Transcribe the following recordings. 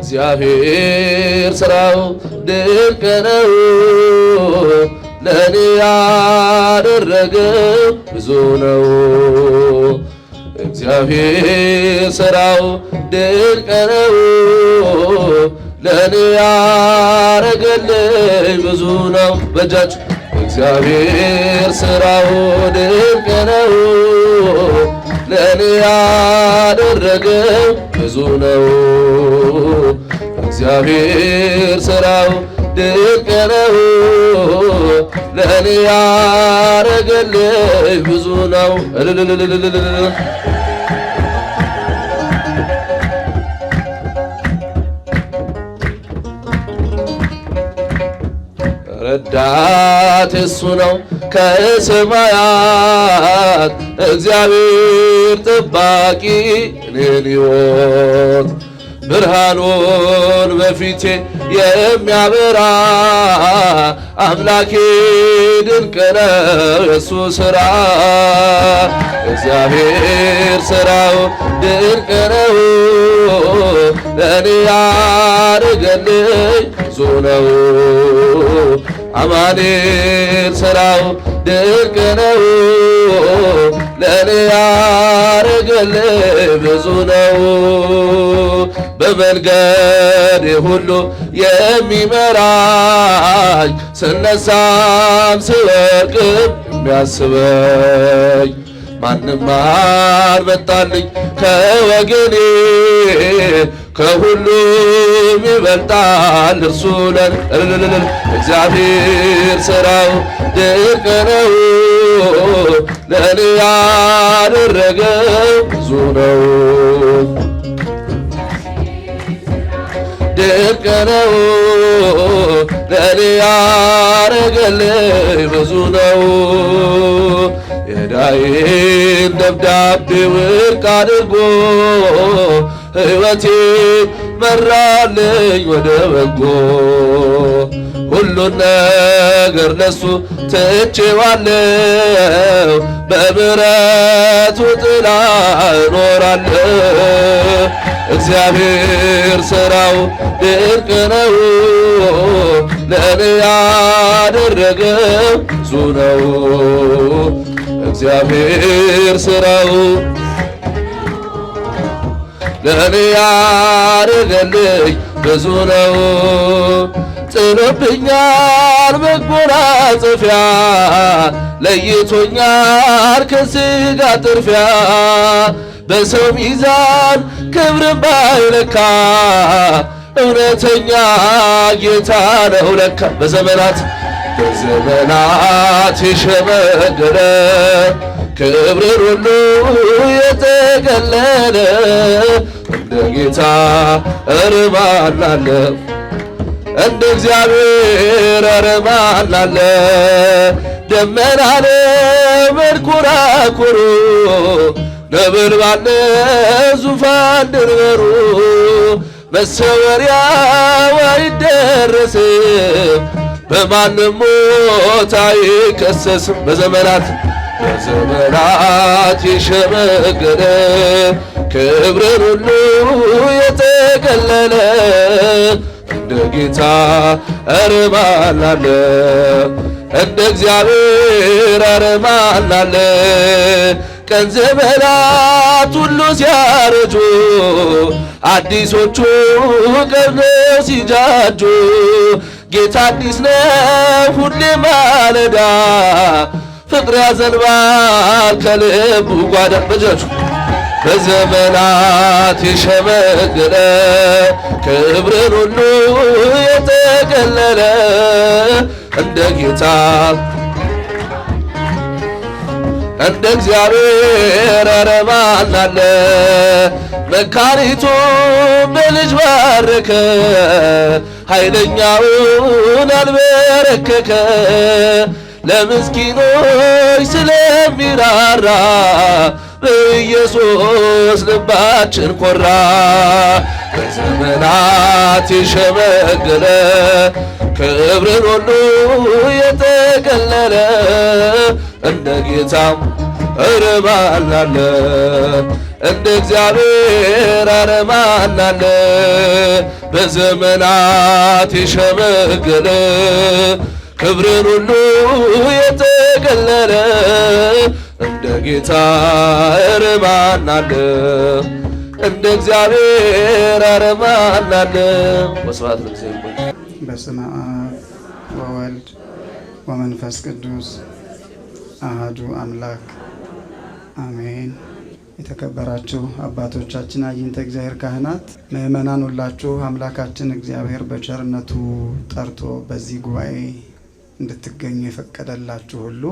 እግዚአብሔር ስራው ድንቅ ነው። ለእኔ ያደረገ ብዙ ነው። እግዚአብሔር ስራው ድንቅ ነው። ለእኔ ያረገልኝ ብዙ ነው። በጃች እግዚአብሔር ስራው ድንቅ ነው። ለእኔ ያደረገው ብዙ ነው እግዚአብሔር ሥራው ድንቅ ነው። ለእኔ ያረገልኝ ብዙ ነው። ረዳት እሱ ነው ከሰማያት እግዚአብሔር ጠባቂ የኔን ሕይወት ብርሃኑን በፊቴ የሚያበራ አምላኬ ድንቅ ነው የእሱ ሥራ፣ እግዚአብሔር ሥራው ድንቅ ነው። ለእኔ ያደረገልኝ ብዙ ነው። አማኑኤል ሥራው ድንቅ ነው። ለእኔ ያረገልህ ብዙ ነው። በመንገድ ሁሉ የሚመራኝ ስነሳም ስወድቅም የሚያስበኝ ማንም አልመጣልኝ ከወገኔ ከሁሉም ይበልጣል እርሱ ለልልልልል እግዚአብሔር ሥራው ድንቅ ነው። ለእኔ ያደረገ ብዙ ነው። ድንቅ ነው። ለእኔ ያደረገልኝ ብዙ ነው። የዳይን ደብዳቤ ውድቅ አድርጎ ሕይወቴ መራልኝ ወደ በጎ ሁሉን ነገር ለሱ ትቼዋለሁ፣ በብረቱ ጥላ እኖራለሁ። እግዚአብሔር ሥራው ድንቅ ነው፣ ለእኔ ያደረገው ብዙ ነው። እግዚአብሔር ሥራው ለእኔ ያረገልኝ ብዙ ነው። ጥሎብኛል መጎናጸፊያ፣ ለይቶኛል ከስጋ ጥርፊያ። በሰው ሚዛን ክብር ባይለካ እውነተኛ ጌታ ነው ለካ በዘመናት በዘመናት የሸመገለ ክብር ሁሉ የተገለለ እንደ ጌታ እርባላለሁ እንደ እግዚአብሔር እርባላለሁ። ደመናነ መንኮራኩሩ ነበልባለ ዙፋን ድርበሩ መሰወሪያ አይደረስም በማንም ሞት አይከሰስም በዘመናት በዘመናት የሸመገለ ክብርን ሁሉ የተገለለ እንደ ጌታ እርማላለ እንደ እግዚአብሔር እርማላለ ቀን ዘመናት ሁሉ ሲያረጁ አዲሶቹ ቀድሎ ሲጃጁ ጌታ አዲስ ነው ሁሌ ማለዳ ፍቅር ያዘንባል ከልቡ ጓዳ በጀቹ በዘመናት የሸመገለ ክብርን ሁሉ የጠቀለለ እንደ ጌታ እንደ እግዚአብሔር ረማን አለ በልጅ ባረከ ኃይለኛውን አልበረከከ ለምስኪኖች ስለሚራራ በኢየሱስ ልባችን ኮራ። በዘመናት የሸመገለ ክብርን ሁሉ የተገለለ እንደ ጌታም እርማናለ እንደ እግዚአብሔር አረማናለ በዘመናት የሸመገለ ክብርን ሁሉ የተገለለ እንደ ጌታ ረማናለ እንደ እግዚአብሔር ረማናለ። ወስብሐት ለእግዚአብሔር። በስመ አብ ወወልድ ወመንፈስ ቅዱስ አህዱ አምላክ አሜን። የተከበራችሁ አባቶቻችን፣ አይንተ እግዚአብሔር ካህናት፣ ምእመናን ሁላችሁ አምላካችን እግዚአብሔር በቸርነቱ ጠርቶ በዚህ ጉባኤ እንድትገኙ የፈቀደላችሁ ሁሉ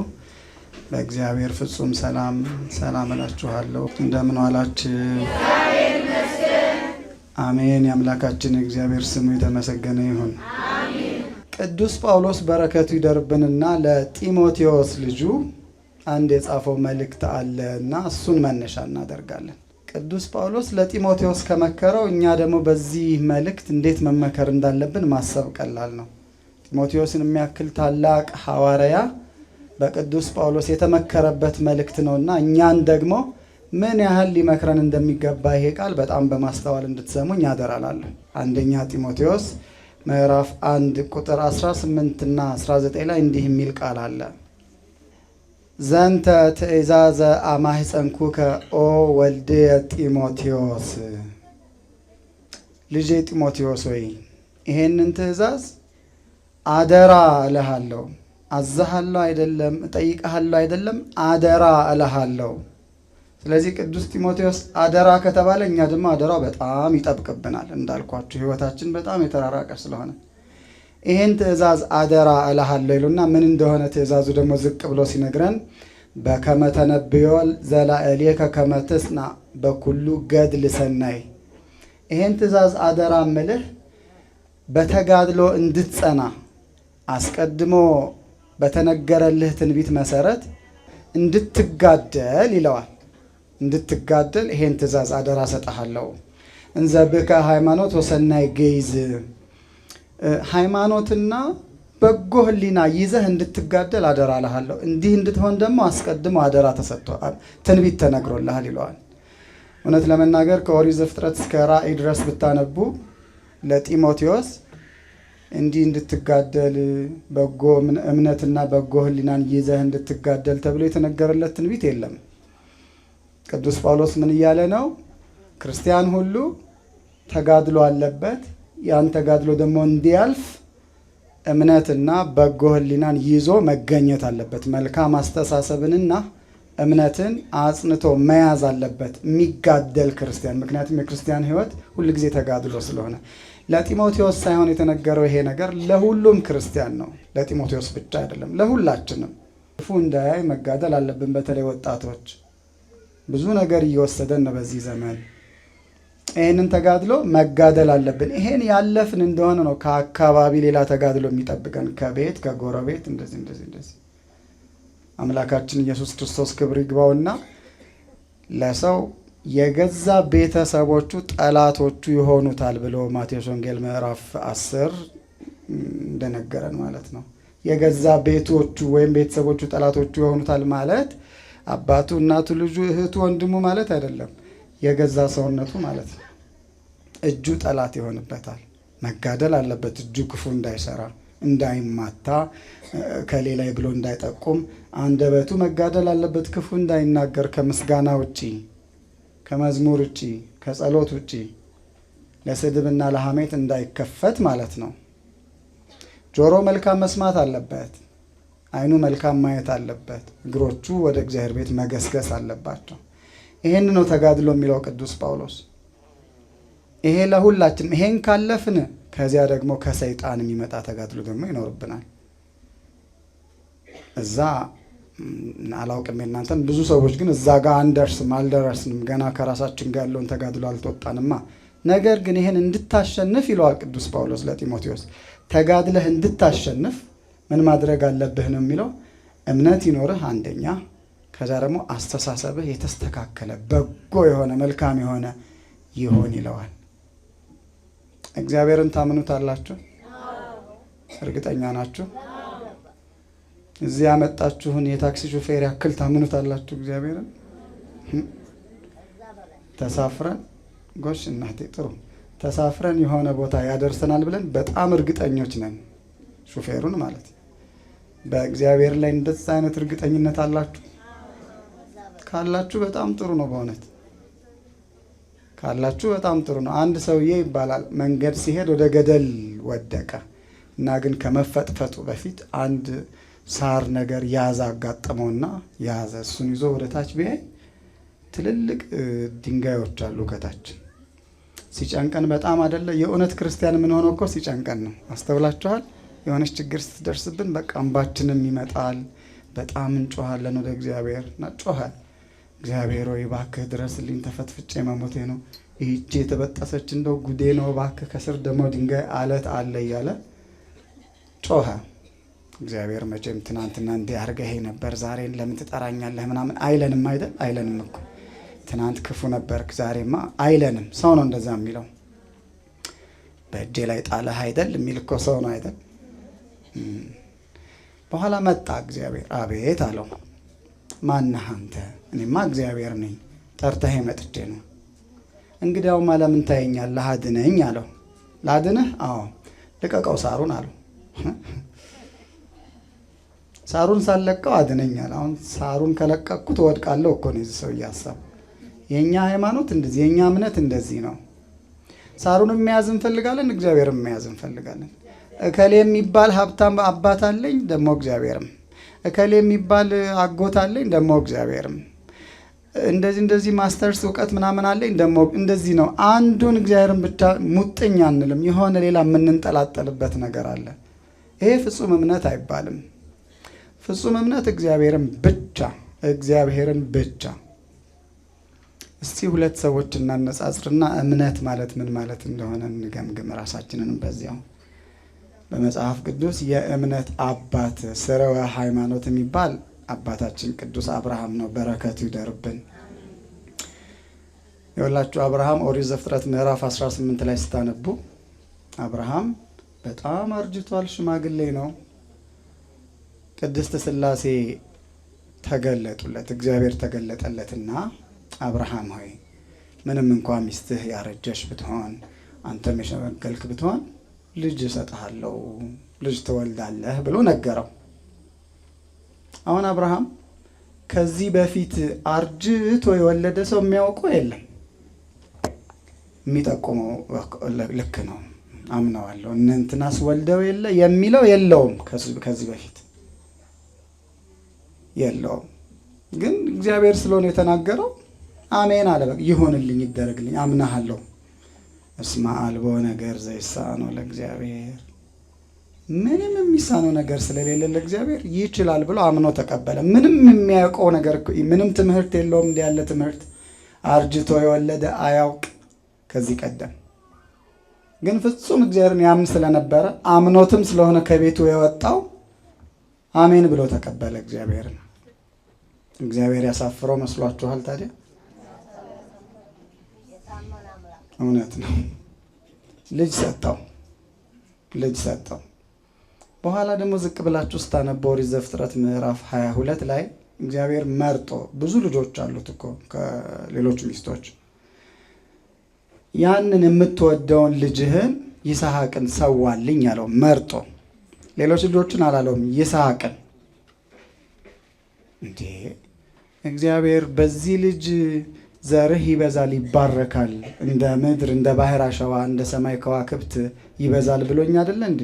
በእግዚአብሔር ፍጹም ሰላም ሰላም እላችኋለሁ። እንደምን ዋላችሁ? አሜን። የአምላካችን እግዚአብሔር ስሙ የተመሰገነ ይሁን። ቅዱስ ጳውሎስ በረከቱ ይደርብንና ለጢሞቴዎስ ልጁ አንድ የጻፈው መልእክት አለ እና እሱን መነሻ እናደርጋለን። ቅዱስ ጳውሎስ ለጢሞቴዎስ ከመከረው እኛ ደግሞ በዚህ መልእክት እንዴት መመከር እንዳለብን ማሰብ ቀላል ነው። ጢሞቴዎስን የሚያክል ታላቅ ሐዋርያ በቅዱስ ጳውሎስ የተመከረበት መልእክት ነውና እኛን ደግሞ ምን ያህል ሊመክረን እንደሚገባ ይሄ ቃል በጣም በማስተዋል እንድትሰሙኝ ያደራላለሁ። አንደኛ ጢሞቴዎስ ምዕራፍ 1 ቁጥር 18 እና 19 ላይ እንዲህ የሚል ቃል አለ። ዘንተ ትእዛዘ አማሕፀንኩከ ኦ ወልድየ ጢሞቴዎስ፣ ልጄ ጢሞቴዎስ ወይ ይሄንን ትእዛዝ አደራ እልሃለሁ። አዛሃለሁ አይደለም፣ እጠይቀሃለሁ አይደለም፣ አደራ እልሃለሁ። ስለዚህ ቅዱስ ጢሞቴዎስ አደራ ከተባለ እኛ ደግሞ አደራው በጣም ይጠብቅብናል። እንዳልኳችሁ ህይወታችን በጣም የተራራቀ ስለሆነ ይህን ትእዛዝ አደራ እልሃለሁ ይሉና ምን እንደሆነ ትእዛዙ ደግሞ ዝቅ ብሎ ሲነግረን በከመ ተነብዮ ዘላእሌከ ከመ ትጽና በኩሉ ገድል ሰናይ። ይህን ትእዛዝ አደራ ምልህ በተጋድሎ እንድትጸና አስቀድሞ በተነገረልህ ትንቢት መሰረት እንድትጋደል ይለዋል። እንድትጋደል ይሄን ትእዛዝ አደራ ሰጠሃለው። እንዘ ብከ ሃይማኖት ወሰናይ ገይዝ፣ ሃይማኖትና በጎ ህሊና ይዘህ እንድትጋደል አደራ እልሃለሁ። እንዲህ እንድትሆን ደግሞ አስቀድሞ አደራ ተሰጥቷል፣ ትንቢት ተነግሮልሃል ይለዋል። እውነት ለመናገር ከኦሪት ዘፍጥረት እስከ ራእይ ድረስ ብታነቡ ለጢሞቴዎስ እንዲህ እንድትጋደል በጎ እምነትና በጎ ሕሊናን ይዘህ እንድትጋደል ተብሎ የተነገረለት ትንቢት የለም። ቅዱስ ጳውሎስ ምን እያለ ነው? ክርስቲያን ሁሉ ተጋድሎ አለበት። ያን ተጋድሎ ደግሞ እንዲያልፍ እምነትና በጎ ሕሊናን ይዞ መገኘት አለበት። መልካም አስተሳሰብንና እምነትን አጽንቶ መያዝ አለበት የሚጋደል ክርስቲያን። ምክንያቱም የክርስቲያን ሕይወት ሁልጊዜ ተጋድሎ ስለሆነ ለጢሞቴዎስ ሳይሆን የተነገረው ይሄ ነገር ለሁሉም ክርስቲያን ነው። ለጢሞቴዎስ ብቻ አይደለም፣ ለሁላችንም ክፉ እንዳያይ መጋደል አለብን። በተለይ ወጣቶች ብዙ ነገር እየወሰደን ነው በዚህ ዘመን። ይህንን ተጋድሎ መጋደል አለብን። ይሄን ያለፍን እንደሆነ ነው ከአካባቢ ሌላ ተጋድሎ የሚጠብቀን ከቤት ከጎረቤት፣ እንደዚህ እንደዚህ እንደዚህ። አምላካችን ኢየሱስ ክርስቶስ ክብር ይግባውና ለሰው የገዛ ቤተሰቦቹ ጠላቶቹ ይሆኑታል ብሎ ማቴዎስ ወንጌል ምዕራፍ 10 እንደነገረን ማለት ነው። የገዛ ቤቶቹ ወይም ቤተሰቦቹ ጠላቶቹ ይሆኑታል ማለት አባቱ፣ እናቱ፣ ልጁ፣ እህቱ፣ ወንድሙ ማለት አይደለም። የገዛ ሰውነቱ ማለት ነው። እጁ ጠላት ይሆንበታል። መጋደል አለበት እጁ ክፉ እንዳይሰራ እንዳይማታ ከሌላ ብሎ እንዳይጠቁም አንደበቱ መጋደል አለበት ክፉ እንዳይናገር ከምስጋና ውጪ ከመዝሙር ውጪ ከጸሎት ውጪ ለስድብና ለሐሜት እንዳይከፈት ማለት ነው። ጆሮ መልካም መስማት አለበት። አይኑ መልካም ማየት አለበት። እግሮቹ ወደ እግዚአብሔር ቤት መገስገስ አለባቸው። ይሄን ነው ተጋድሎ የሚለው ቅዱስ ጳውሎስ። ይሄ ለሁላችንም ይሄን ካለፍን ከዚያ ደግሞ ከሰይጣን የሚመጣ ተጋድሎ ደግሞ ይኖርብናል እዛ አላውቅም የናንተን። ብዙ ሰዎች ግን እዛ ጋር አንደርስም አልደረስንም፣ ገና ከራሳችን ጋር ያለውን ተጋድሎ አልተወጣንማ። ነገር ግን ይህን እንድታሸንፍ ይለዋል ቅዱስ ጳውሎስ ለጢሞቴዎስ፣ ተጋድለህ እንድታሸንፍ ምን ማድረግ አለብህ ነው የሚለው። እምነት ይኖርህ አንደኛ፣ ከዛ ደግሞ አስተሳሰብህ የተስተካከለ በጎ የሆነ መልካም የሆነ ይሆን ይለዋል። እግዚአብሔርን ታምኑታላችሁ? እርግጠኛ ናችሁ? እዚህ ያመጣችሁን የታክሲ ሹፌር ያክል ታምኑታላችሁ? እግዚአብሔርን ተሳፍረን ጎሽ እናቴ ጥሩ ተሳፍረን የሆነ ቦታ ያደርሰናል ብለን በጣም እርግጠኞች ነን። ሹፌሩን ማለት በእግዚአብሔር ላይ እንደዛ አይነት እርግጠኝነት አላችሁ? ካላችሁ በጣም ጥሩ ነው። በእውነት ካላችሁ በጣም ጥሩ ነው። አንድ ሰውዬ ይባላል መንገድ ሲሄድ ወደ ገደል ወደቀ እና ግን ከመፈጥፈጡ በፊት አንድ ሳር ነገር ያዘ አጋጠመውና ያዘ። እሱን ይዞ ወደ ታች ቢያይ ትልልቅ ድንጋዮች አሉ ከታች። ሲጨንቀን በጣም አደለ የእውነት ክርስቲያን የምንሆነው እኮ ሲጨንቀን ነው። አስተውላችኋል? የሆነች ችግር ስትደርስብን በቃ እንባችንም ይመጣል። በጣም እንጮኋለን ወደ እግዚአብሔር ናጮኋል። እግዚአብሔር ወይ ባክህ ድረስልኝ፣ ተፈትፍጬ መሞቴ ነው፣ ይህቺ የተበጠሰች እንደው ጉዴ ነው፣ ባክህ ከስር ደግሞ ድንጋይ አለት አለ እያለ ጮኸ። እግዚአብሔር መቼም ትናንትና እንዲህ አድርገህ ነበር ዛሬን ለምን ትጠራኛለህ ምናምን አይለንም አይደል? አይለንም እኮ ትናንት ክፉ ነበርክ ዛሬማ አይለንም። ሰው ነው እንደዛ የሚለው። በእጄ ላይ ጣለህ አይደል የሚል እኮ ሰው ነው አይደል? በኋላ መጣ እግዚአብሔር። አቤት አለው። ማነህ አንተ? እኔማ እግዚአብሔር ነኝ፣ ጠርተህ መጥቼ ነው። እንግዲያውማ ለምን ታየኛለህ? አድነኝ አለው። ላድንህ? አዎ ልቀቀው ሳሩን አለው። ሳሩን ሳለቀው አድነኛል። አሁን ሳሩን ከለቀቅኩት እወድቃለሁ እኮ ነው የዚህ ሰው ሀሳብ። የእኛ ሃይማኖት እንደዚህ፣ የእኛ እምነት እንደዚህ ነው። ሳሩን የመያዝ እንፈልጋለን፣ እግዚአብሔር መያዝ እንፈልጋለን። እከሌ የሚባል ሀብታም አባት አለኝ ደግሞ እግዚአብሔርም፣ እከሌ የሚባል አጎት አለኝ ደግሞ እግዚአብሔርም፣ እንደዚህ እንደዚህ ማስተርስ እውቀት ምናምን አለኝ ደግሞ እንደዚህ ነው። አንዱን እግዚአብሔርን ብቻ ሙጥኝ አንልም። የሆነ ሌላ የምንንጠላጠልበት ነገር አለ። ይሄ ፍጹም እምነት አይባልም። ፍጹም እምነት እግዚአብሔርን ብቻ እግዚአብሔርን ብቻ። እስቲ ሁለት ሰዎች እናነጻጽርና እምነት ማለት ምን ማለት እንደሆነ እንገምግም ራሳችንን። በዚያው በመጽሐፍ ቅዱስ የእምነት አባት ስርወ ሃይማኖት የሚባል አባታችን ቅዱስ አብርሃም ነው። በረከቱ ይደርብን። የወላችሁ አብርሃም ኦሪት ዘፍጥረት ምዕራፍ 18 ላይ ስታነቡ አብርሃም በጣም አርጅቷል፣ ሽማግሌ ነው ቅድስት ስላሴ ተገለጡለት፣ እግዚአብሔር ተገለጠለትና አብርሃም ሆይ ምንም እንኳ ሚስትህ ያረጀሽ ብትሆን አንተም የሸመገልክ ብትሆን ልጅ እሰጥሃለሁ፣ ልጅ ትወልዳለህ ብሎ ነገረው። አሁን አብርሃም ከዚህ በፊት አርጅቶ የወለደ ሰው የሚያውቀው የለም። የሚጠቁመው ልክ ነው፣ አምነዋለሁ እንትናስ ወልደው የለ የሚለው የለውም ከዚህ በፊት የለውም። ግን እግዚአብሔር ስለሆነ የተናገረው አሜን አለ። በቃ ይሆንልኝ፣ ይደረግልኝ፣ አምናሃለሁ። እስማ አልቦ ነገር ዘይሳነው ለእግዚአብሔር ምንም የሚሳነው ነገር ስለሌለ ለእግዚአብሔር ይችላል ብሎ አምኖ ተቀበለ። ምንም የሚያውቀው ነገር ምንም ትምህርት የለውም። እንዲህ ያለ ትምህርት አርጅቶ የወለደ አያውቅ ከዚህ ቀደም ግን ፍጹም እግዚአብሔርን ያምን ስለነበረ አምኖትም ስለሆነ ከቤቱ የወጣው አሜን ብሎ ተቀበለ እግዚአብሔርን። እግዚአብሔር ያሳፍረው መስሏችኋል? ታዲያ እውነት ነው። ልጅ ሰጠው፣ ልጅ ሰጠው። በኋላ ደግሞ ዝቅ ብላችሁ ስታነቡ ኦሪት ዘፍጥረት ምዕራፍ 22 ላይ እግዚአብሔር መርጦ ብዙ ልጆች አሉት እኮ ከሌሎች ሚስቶች ያንን የምትወደውን ልጅህን ይስሐቅን ሰዋልኝ አለው። መርጦ ሌሎች ልጆችን አላለውም፣ ይስሐቅን እንዴ እግዚአብሔር በዚህ ልጅ ዘርህ ይበዛል ይባረካል፣ እንደ ምድር እንደ ባህር አሸዋ እንደ ሰማይ ከዋክብት ይበዛል ብሎኝ አይደለ እንዴ?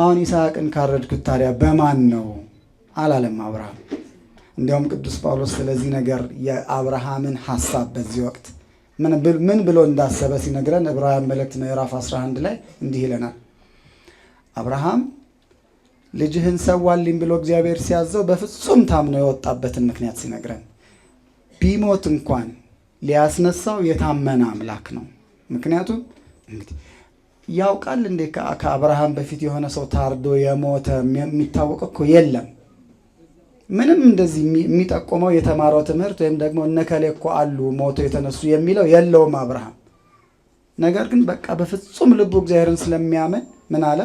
አሁን ይስሐቅን ካረድኩት ታዲያ በማን ነው አላለም አብርሃም። እንዲያውም ቅዱስ ጳውሎስ ስለዚህ ነገር የአብርሃምን ሐሳብ በዚህ ወቅት ምን ብሎ እንዳሰበ ሲነግረን ዕብራውያን መልእክት ምዕራፍ 11 ላይ እንዲህ ይለናል። አብርሃም ልጅህን ሰዋልኝ ብሎ እግዚአብሔር ሲያዘው በፍጹም ታምኖ የወጣበትን ምክንያት ሲነግረን ቢሞት እንኳን ሊያስነሳው የታመነ አምላክ ነው። ምክንያቱም እንግዲህ ያውቃል እንዴ ከአብርሃም በፊት የሆነ ሰው ታርዶ የሞተ የሚታወቅ እኮ የለም። ምንም እንደዚህ የሚጠቁመው የተማረው ትምህርት ወይም ደግሞ እነከሌ እኮ አሉ ሞቶ የተነሱ የሚለው የለውም አብርሃም። ነገር ግን በቃ በፍጹም ልቡ እግዚአብሔርን ስለሚያምን ምን አለ?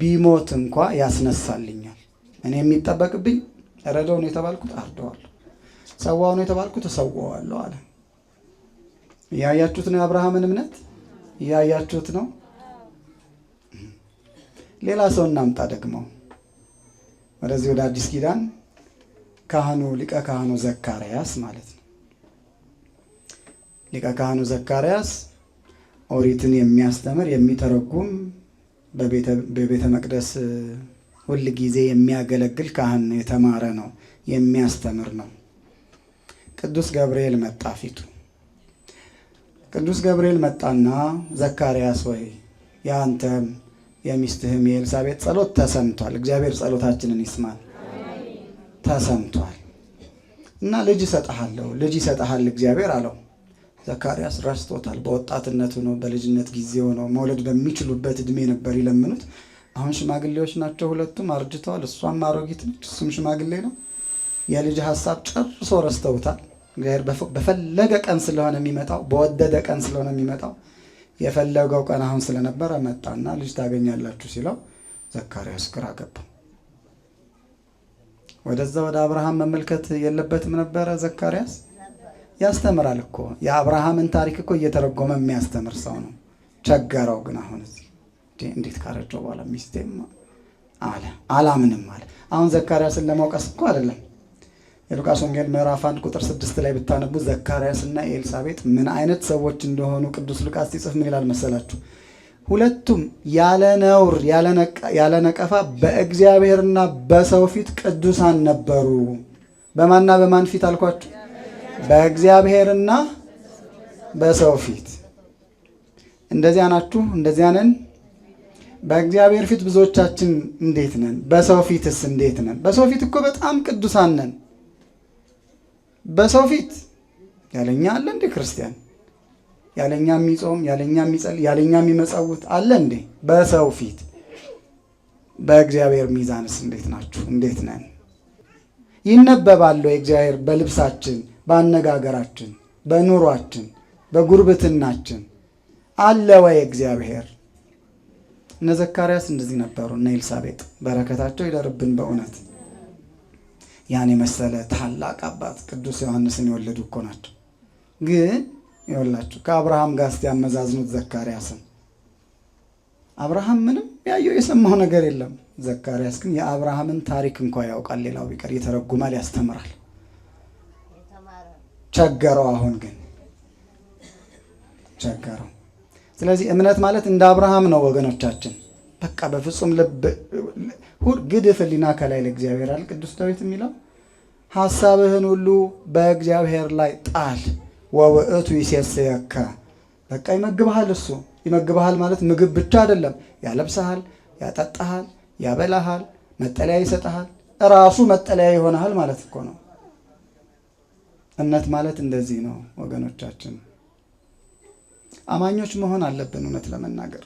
ቢሞት እንኳ ያስነሳልኛል። እኔ የሚጠበቅብኝ ረዳውን የተባልኩት አርደዋል ሰዋው ነው የተባልኩ ተሰዋዋለሁ አለ። እያያችሁት ነው የአብርሃምን እምነት እያያችሁት ነው። ሌላ ሰው እናምጣ ደግሞ ወደዚህ ወደ አዲስ ኪዳን ካህኑ ሊቀ ካህኑ ዘካርያስ ማለት ነው። ሊቀ ካህኑ ዘካርያስ ኦሪትን የሚያስተምር የሚተረጉም በቤተ መቅደስ ሁል ጊዜ የሚያገለግል ካህን የተማረ ነው፣ የሚያስተምር ነው። ቅዱስ ገብርኤል መጣ ፊቱ ቅዱስ ገብርኤል መጣና ዘካርያስ ወይ የአንተም የሚስትህም የኤልሳቤጥ ጸሎት ተሰምቷል። እግዚአብሔር ጸሎታችንን ይስማል። ተሰምቷል እና ልጅ ይሰጠሃለሁ፣ ልጅ ይሰጠሃል እግዚአብሔር አለው። ዘካርያስ ረስቶታል። በወጣትነት ሆኖ በልጅነት ጊዜ ሆኖ መውለድ በሚችሉበት እድሜ ነበር ይለምኑት። አሁን ሽማግሌዎች ናቸው ሁለቱም አርጅተዋል። እሷም አሮጊት ነች፣ እሱም ሽማግሌ ነው። የልጅ ሀሳብ ጨርሶ ረስተውታል። እግዚአብሔር በፈለገ ቀን ስለሆነ የሚመጣው በወደደ ቀን ስለሆነ የሚመጣው የፈለገው ቀን አሁን ስለነበረ መጣና ልጅ ታገኛላችሁ ሲለው ዘካርያስ ግራ ገባ። ወደዛ ወደ አብርሃም መመልከት የለበትም ነበረ ዘካርያስ። ያስተምራል እኮ የአብርሃምን ታሪክ እኮ እየተረጎመ የሚያስተምር ሰው ነው። ቸገረው ግን አሁን እንዴት ካረጀው በኋላ ሚስቴም አለ አላምንም አለ። አሁን ዘካርያስን ለመውቀስ እኮ አይደለም የሉቃስ ወንጌል ምዕራፍ አንድ ቁጥር ስድስት ላይ ብታነቡ ዘካርያስ እና ኤልሳቤጥ ምን አይነት ሰዎች እንደሆኑ ቅዱስ ሉቃስ ሲጽፍ ምን ይላል መሰላችሁ? ሁለቱም ያለ ነውር ያለ ነቀፋ በእግዚአብሔርና በሰው ፊት ቅዱሳን ነበሩ። በማንና በማን ፊት አልኳችሁ? በእግዚአብሔርና በሰው ፊት። እንደዚያ ናችሁ? እንደዚያ ነን። በእግዚአብሔር ፊት ብዙዎቻችን እንዴት ነን? በሰው ፊትስ እንዴት ነን? በሰው ፊት እኮ በጣም ቅዱሳን ነን። በሰው ፊት ያለኛ አለ እንዴ ክርስቲያን? ያለኛ የሚጾም ያለኛ የሚጸል ያለኛ የሚመጸውት አለ እንዴ? በሰው ፊት በእግዚአብሔር ሚዛንስ እንዴት ናችሁ? እንዴት ነን? ይነበባል እግዚአብሔር በልብሳችን፣ በአነጋገራችን፣ በኑሯችን፣ በጉርብትናችን አለ ወይ እግዚአብሔር? እነ ዘካርያስ እንደዚህ ነበሩ፣ እነ ኤልሳቤጥ በረከታቸው ይደርብን በእውነት። ያን የመሰለ ታላቅ አባት ቅዱስ ዮሐንስን የወለዱ እኮ ናቸው። ግን ይወላችሁ ከአብርሃም ጋር እስቲ ያመዛዝኑት ዘካርያስን። አብርሃም ምንም ያየው የሰማው ነገር የለም። ዘካርያስ ግን የአብርሃምን ታሪክ እንኳ ያውቃል። ሌላው ቢቀር ይተረጉማል፣ ያስተምራል። ቸገረው። አሁን ግን ቸገረው። ስለዚህ እምነት ማለት እንደ አብርሃም ነው ወገኖቻችን። በቃ በፍጹም ልብ ግድፍ ሕሊና ከላይ ለእግዚአብሔር አለ ቅዱስ ዳዊት የሚለው ሐሳብህን ሁሉ በእግዚአብሔር ላይ ጣል ወውእቱ ይሴስየከ በቃ ይመግብሃል። እሱ ይመግብሃል ማለት ምግብ ብቻ አይደለም። ያለብሰሃል፣ ያጠጣሃል፣ ያበላሃል፣ መጠለያ ይሰጠሃል። ራሱ መጠለያ ይሆናል ማለት እኮ ነው። እምነት ማለት እንደዚህ ነው ወገኖቻችን። አማኞች መሆን አለብን እውነት ለመናገር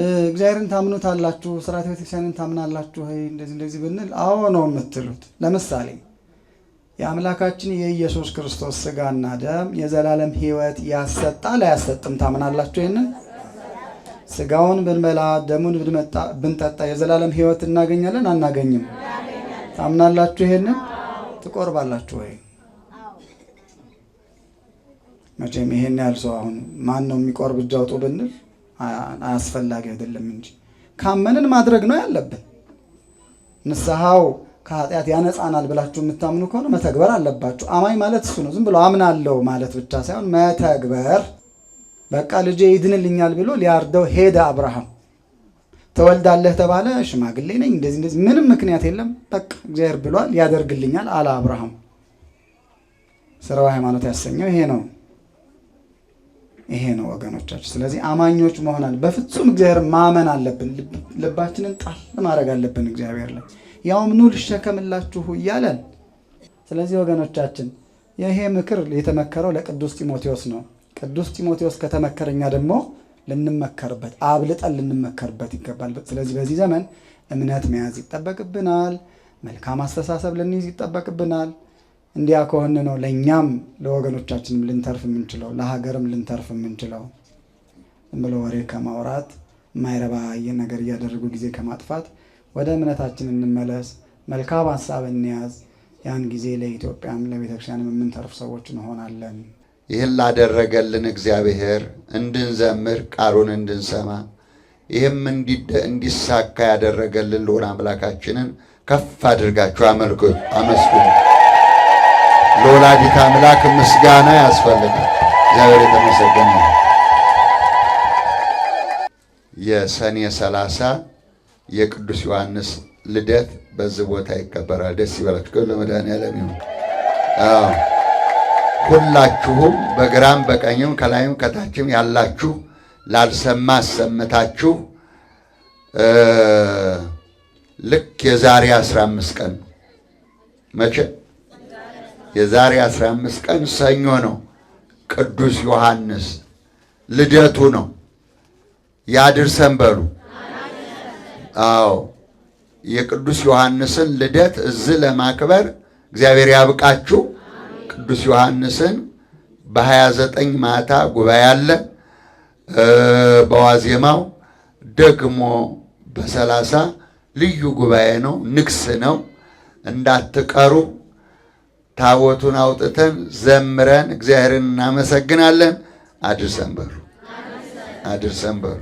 እግዚአብሔርን ታምኑታላችሁ፣ ስርዓተ ቤተክርስቲያንን ታምናላችሁ ወይ እንደዚህ እንደዚህ ብንል አዎ ነው የምትሉት። ለምሳሌ የአምላካችን የኢየሱስ ክርስቶስ ስጋና ደም የዘላለም ህይወት ያሰጣል አያሰጥም? ታምናላችሁ? ይህንን ስጋውን ብንበላ ደሙን ብንጠጣ የዘላለም ህይወት እናገኛለን አናገኝም? ታምናላችሁ? ይሄንን ትቆርባላችሁ ወይ? መቼም ይሄን ያህል ሰው አሁን ማን ነው የሚቆርብ እጅ አውጡ ብንል አስፈላጊ አይደለም እንጂ ካመንን ማድረግ ነው ያለብን። ንስሐው ከኃጢአት ያነጻናል ብላችሁ የምታምኑ ከሆነ መተግበር አለባችሁ። አማኝ ማለት እሱ ነው። ዝም ብሎ አምናለው ማለት ብቻ ሳይሆን መተግበር። በቃ ልጄ ይድንልኛል ብሎ ሊያርደው ሄደ አብርሃም። ትወልዳለህ ተባለ። ሽማግሌ ነኝ፣ እንደዚህ እንደዚህ፣ ምንም ምክንያት የለም። በቃ እግዚአብሔር ብሏል፣ ያደርግልኛል አለ አብርሃም። ስራው ሃይማኖት ያሰኘው ይሄ ነው። ይሄ ነው ወገኖቻችን። ስለዚህ አማኞች መሆናል በፍጹም እግዚአብሔር ማመን አለብን። ልባችንን ጣል ማድረግ አለብን እግዚአብሔር ላይ ያውም ኑ ልሸከምላችሁ እያለን። ስለዚህ ወገኖቻችን ይሄ ምክር የተመከረው ለቅዱስ ጢሞቴዎስ ነው። ቅዱስ ጢሞቴዎስ ከተመከረኛ ደግሞ ልንመከርበት አብልጠን ልንመከርበት ይገባል። ስለዚህ በዚህ ዘመን እምነት መያዝ ይጠበቅብናል። መልካም አስተሳሰብ ልንይዝ ይጠበቅብናል። እንዲያ ከሆነ ነው ለእኛም ለወገኖቻችንም ልንተርፍ የምንችለው ለሀገርም ልንተርፍ የምንችለው ብሎ ወሬ ከማውራት የማይረባ ነገር እያደረጉ ጊዜ ከማጥፋት ወደ እምነታችን እንመለስ፣ መልካም ሀሳብ እንያዝ። ያን ጊዜ ለኢትዮጵያም ለቤተክርስቲያንም የምንተርፍ ሰዎች እንሆናለን። ይህን ላደረገልን እግዚአብሔር እንድንዘምር ቃሉን እንድንሰማ ይህም እንዲሳካ ያደረገልን ልሆን አምላካችንን ከፍ አድርጋችሁ አመስግኑ። ለወላዲተ አምላክ ምስጋና ያስፈልጋል። እግዚአብሔር የተመሰገነ የሰኔ ሰላሳ የቅዱስ ዮሐንስ ልደት በዚህ ቦታ ይከበራል። ደስ ይበላችሁ። ለመድኃኔዓለም ይሁን። ሁላችሁም በግራም በቀኝም ከላይም ከታችም ያላችሁ ላልሰማ አሰምታችሁ ልክ የዛሬ 15 ቀን መቼ የዛሬ 15 ቀን ሰኞ ነው። ቅዱስ ዮሐንስ ልደቱ ነው። ያድርሰን በሉ። አዎ የቅዱስ ዮሐንስን ልደት እዚህ ለማክበር እግዚአብሔር ያብቃችሁ። ቅዱስ ዮሐንስን በ29 ማታ ጉባኤ አለ። በዋዜማው ደግሞ በሰላሳ ልዩ ጉባኤ ነው፣ ንግስ ነው። እንዳትቀሩ። ታቦቱን አውጥተን ዘምረን እግዚአብሔርን እናመሰግናለን። አድርሰን በሉ፣ አድርሰን በሉ።